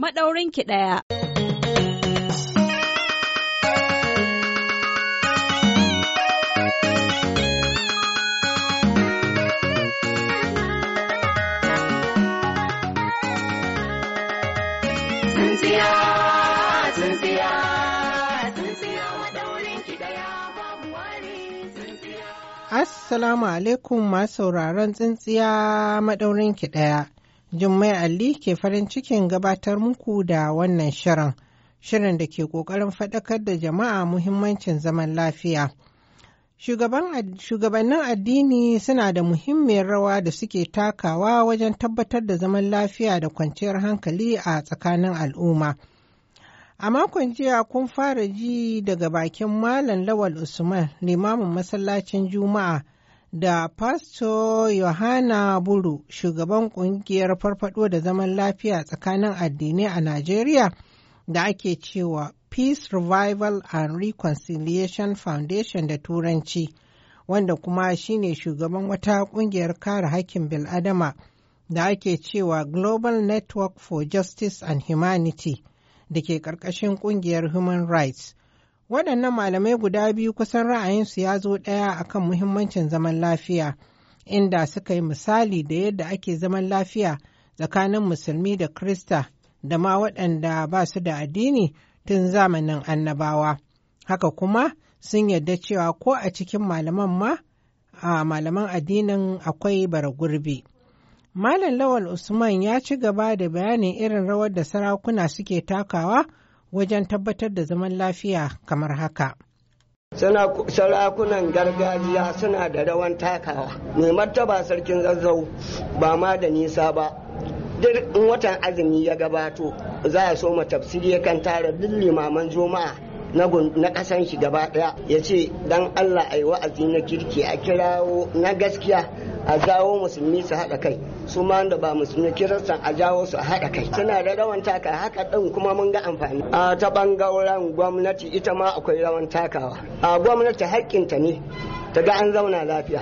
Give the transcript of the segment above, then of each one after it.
Maɗaurin tsiya. ki ɗaya. Assalamu alaikum masauraran sauraron tsintsiya maɗaurin ki ɗaya. Jummai Ali ke farin cikin gabatar muku da wannan shirin, shirin da ke ƙoƙarin faɗakar da jama'a muhimmancin zaman lafiya. Shugabannin addini suna da muhimmiyar rawa da suke takawa wajen tabbatar da zaman lafiya da kwanciyar hankali a tsakanin al'umma. A makon jiya kun fara ji daga bakin Malam Lawal Usman, limamin masallacin Juma'a, da Pasto Yohana Buru, shugaban ƙungiyar farfado da zaman lafiya tsakanin addinai a Najeriya da ake cewa Peace Revival and Reconciliation Foundation da Turanci, wanda kuma shine shugaban wata ƙungiyar kare hakkin bil'adama da ake cewa Global Network for Justice and Humanity da ke ƙarƙashin ƙungiyar Human Rights. waɗannan malamai guda biyu kusan ra'ayinsu ya zo ɗaya akan muhimmancin zaman lafiya inda suka yi misali da yadda ake zaman lafiya tsakanin musulmi da krista da ma waɗanda ba su da addini tun zamanin annabawa haka kuma sun yadda cewa ko a cikin malaman ma a malaman addinin akwai bara gurbi malam lawal usman ya ci gaba da bayanin irin rawar da sarakuna suke takawa wajen tabbatar da zaman lafiya kamar haka. sarakunan gargajiya suna da rawan takawa mai martaba sarkin zazzau ba ma da nisa ba duk in watan azumi ya gabato za a so ma tafsiri kan tara duk limaman juma'a na kasan shi gaba daya ya ce dan allah a yi wa'azi na kirki a kirawo na gaskiya a jawo musulmi su haɗa kai su ma da ba musulmi kiristan a jawo su a haɗa kai suna da rawan taka haka ɗin kuma mun ga amfani a ta ɓangaren gwamnati ita ma akwai rawan takawa a gwamnati haƙƙinta ne ta ga an zauna lafiya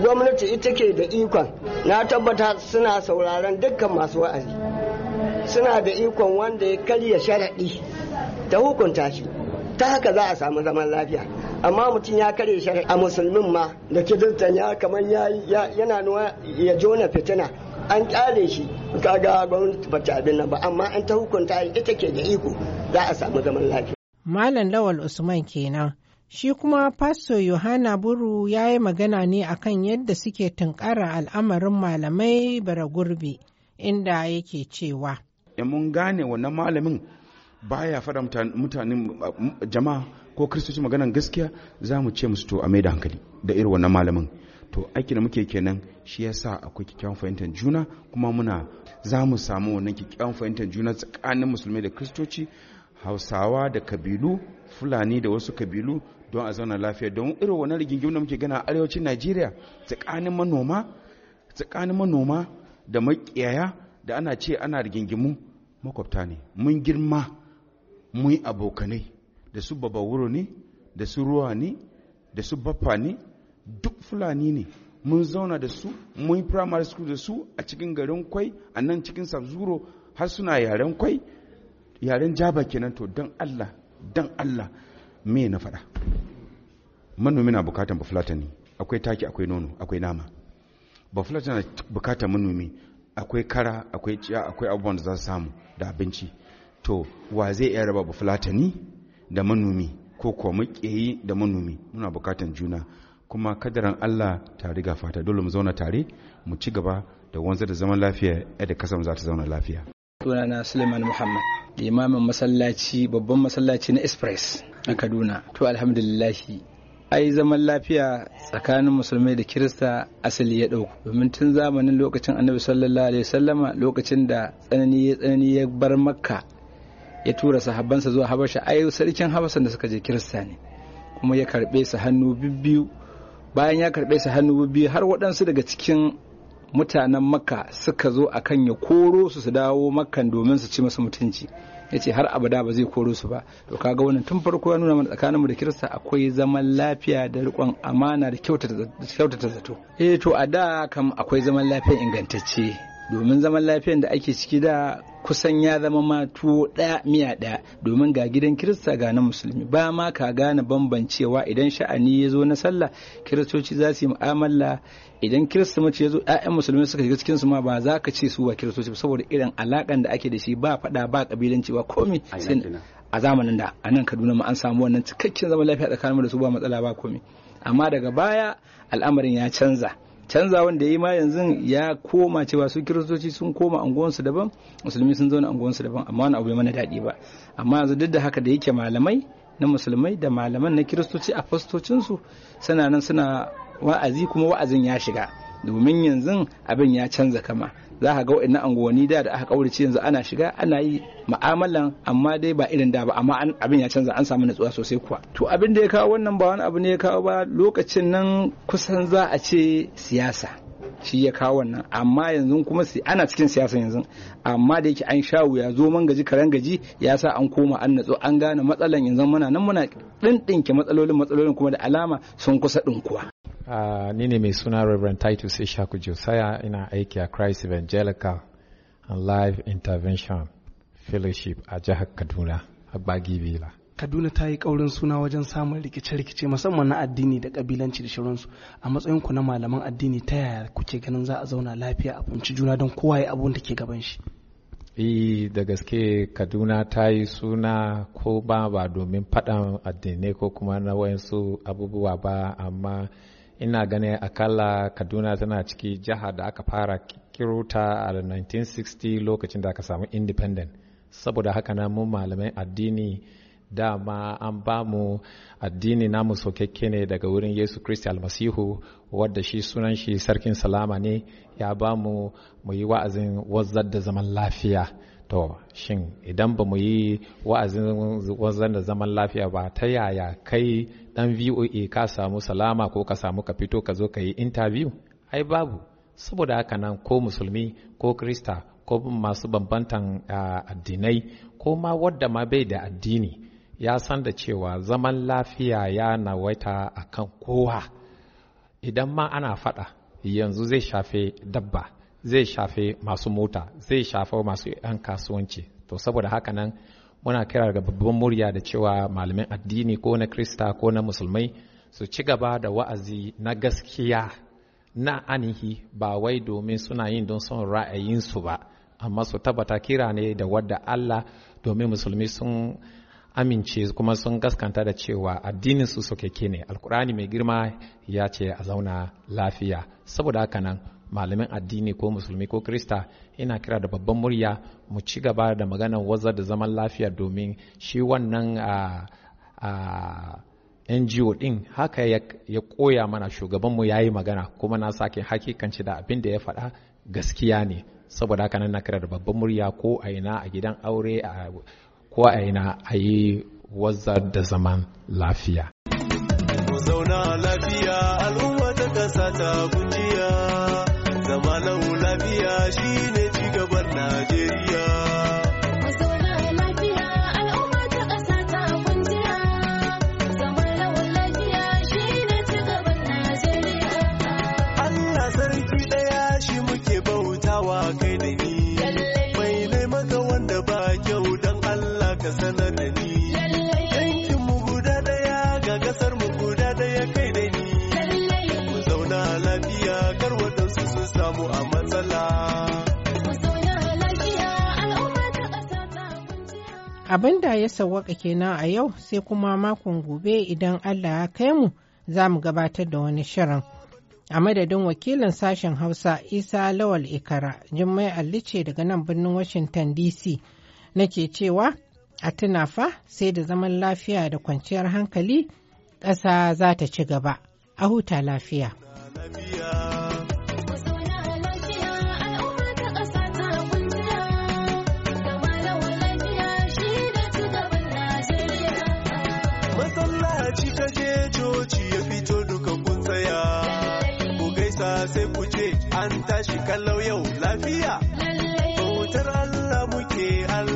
gwamnati ita ke da ikon na tabbata suna sauraron dukkan masu wa'azi suna da ikon wanda ya karya sharaɗi ta hukunta shi ta haka za a samu zaman lafiya amma mutum ya kare shari'a a musulmin ma da kiristan ya kamar yana nuna ya jona fitina an kyale shi kaga gwamnati ba ta abin nan ba amma an ta hukunta ita ke da iko za a samu zaman lafiya malam lawal usman kenan Shi kuma Fasto Yohana Buru ya yi magana ne akan yadda suke tunkara al'amarin malamai bara gurbi inda yake cewa. mun gane wannan malamin baya fara mutanen jama'a ko kristoci maganan gaskiya za mu ce musu to a mai da hankali da irin wannan malamin to aiki da muke kenan shi yasa akwai kyakkyawan fahimtar juna kuma muna za mu samu wannan kyakkyawan fahimtar juna tsakanin musulmai da kristoci hausawa da kabilu fulani da wasu kabilu don a zauna lafiya don irin wannan rigingimu da muke gana arewacin najeriya tsakanin manoma tsakanin manoma da makiyaya da ana ce ana rigingimu makwabta ne mun girma mun abokanai da su babawuro ne da su ruwa ne da su baffa ne duk fulani ne mun zauna da su mun yi primary school da su a cikin garin kwai a nan cikin sabzuro har suna yaren kwai yaren jaba kenan to don allah don allah me na faɗa manomi na bukatan ne akwai taki akwai nono akwai nama bafulatani na bukatan manomi akwai kara akwai ciya akwai abubuwan da za su samu da abinci to wa zai iya raba ne da manomi ko kuwa makiyayi da manomi muna bukatan juna kuma kadaran Allah ta riga fata dole mu zauna tare mu ci gaba da wanzar da zaman lafiya yadda kasan za ta zauna lafiya sunana Suleiman Muhammad limamin masallaci babban masallaci na Express na Kaduna to alhamdulillahi ai zaman lafiya tsakanin musulmai da kirista asali ya ɗauko, domin tun zamanin lokacin annabi sallallahu alaihi wasallama lokacin da tsanani ya tsanani ya bar makka ya tura sahabbansa zuwa habasha ai sarkin habasan da suka je kirista ne kuma ya karbe su hannu bibbiyu bayan ya karbe su hannu bibbiyu har waɗansu daga cikin mutanen makka suka zo a kan ya koro su su dawo makkan domin su ci masu mutunci ya ce har abada ba zai koro su ba to kaga wannan tun farko ya nuna mana tsakanin mu da kirista akwai zaman lafiya da riƙon amana da kyautata zato eh to a da kam akwai zaman lafiya ingantacce domin zaman lafiyan da ake ciki da kusan ya zama ma tuwo ɗaya miya ɗaya domin ga gidan kirista ga na musulmi ba ma ka gane bambancewa idan sha'ani ya zo na sallah kiristoci za su yi mu'amala idan kirista mace ya zo ɗayan musulmi suka shiga cikinsu ma ba za ka ce su ba kiristoci saboda irin alaƙan da ake da shi ba faɗa ba ƙabilanci ba komi a zamanin da a nan kaduna ma an samu wannan cikakken zaman lafiya tsakanin da su ba matsala ba komi amma daga baya al'amarin ya canza canza wanda ya ma yanzu ya koma cewa su kiristoci sun koma unguwansu daban musulmi sun zauna unguwansu daban amma wani abu ya mana daɗi ba amma yanzu duk da haka da yake malamai na musulmai da malaman na kiristoci a fastocinsu suna nan suna wa'azi kuma wa'azin ya shiga domin yanzu abin ya canza kama za ka ga wa'annan anguwanni da da aka kaurace yanzu ana shiga ana yi mu'amalan amma dai ba irin da ba amma abin ya canza an samu natsuwa sosai kuwa to abin da ya kawo wannan ba wani abu ne ya kawo ba lokacin nan kusan za a ce siyasa shi ya kawo wannan amma yanzu kuma ana cikin siyasa yanzu amma da yake an sha wuya zo man gaji karen gaji ya sa an koma an natsu an gane matsalan yanzu muna nan muna dindinke matsalolin matsalolin kuma da alama sun kusa ɗinkuwa Uh, ah, ni ne mai suna Reverend Titus Ishaku Josiah ina aiki a Christ Evangelical and Life Intervention Fellowship a jihar Kaduna, a Villa. Kaduna ta yi ƙaurin suna wajen samun rikice-rikice musamman na addini da ƙabilanci da shirinsu a matsayinku na malaman addini ta yaya kuke ganin za a zauna lafiya a kunci juna don kowa ya abun da ke gaban shi. E da gaske Kaduna ta yi suna ko ba ba domin faɗan addinai ko kuma na wayansu abubuwa ba amma ina ganin akalla kaduna tana ciki jihar da aka fara kiruta a 1960 lokacin da aka samu independent saboda haka na mu malamai addini dama an ba mu addini namu sokekke ne daga wurin yesu kristi almasihu wadda shi sunan shi sarkin salama ne ya ba mu mu yi wa'azin wazzar da zaman lafiya to shin idan ba mu yi wa'azin wanzan da zaman lafiya ba ta yaya kai dan VOA ka samu salama ko ka samu ka fito ka zo ka yi interview ai babu saboda haka nan ko musulmi ko krista ko masu bambantan addinai ko ma wadda ma bai da addini ya san da cewa zaman lafiya ya nawaita kan kowa idan ma ana fada yanzu zai shafe dabba zai shafe masu mota zai shafa masu yan kasuwanci to saboda haka nan muna kira ga babban murya da cewa malamin addini ko na krista ko na musulmai su ci gaba da wa'azi na gaskiya na anihi ba wai domin suna yin don son ra'ayinsu ba amma su tabbata kira ne da wadda Allah domin musulmi sun amince kuma sun gaskanta da cewa addininsu su keke ne alkurani mai girma ya ce a zauna lafiya saboda haka nan malamin addini ko musulmi ko krista ina kira da babban murya mu ci gaba da maganar waza da zaman lafiya domin shi wannan NGO din haka ya koya mana shugabanmu ya yi magana kuma na sake hakikanci da abin da ya faɗa gaskiya ne saboda haka nan na kira da babban murya ko a ina a gidan aure ko a ina a yi wazar da zaman lafiya. Ku zauna lafiya al'umma ta kasa ta kujiya. abin da ya sawwaka kenan a yau sai kuma makon gobe idan Allah ya kai mu za mu gabatar da wani shirin. A madadin wakilin sashen Hausa Isa Lawal Ikara, Jummai Alli daga nan birnin Washington DC nake cewa a tuna fa sai da zaman lafiya da kwanciyar hankali ƙasa za ta ci gaba. A huta lafiya. an tashi kallau yau lafiya. Bautar Allah muke Allah.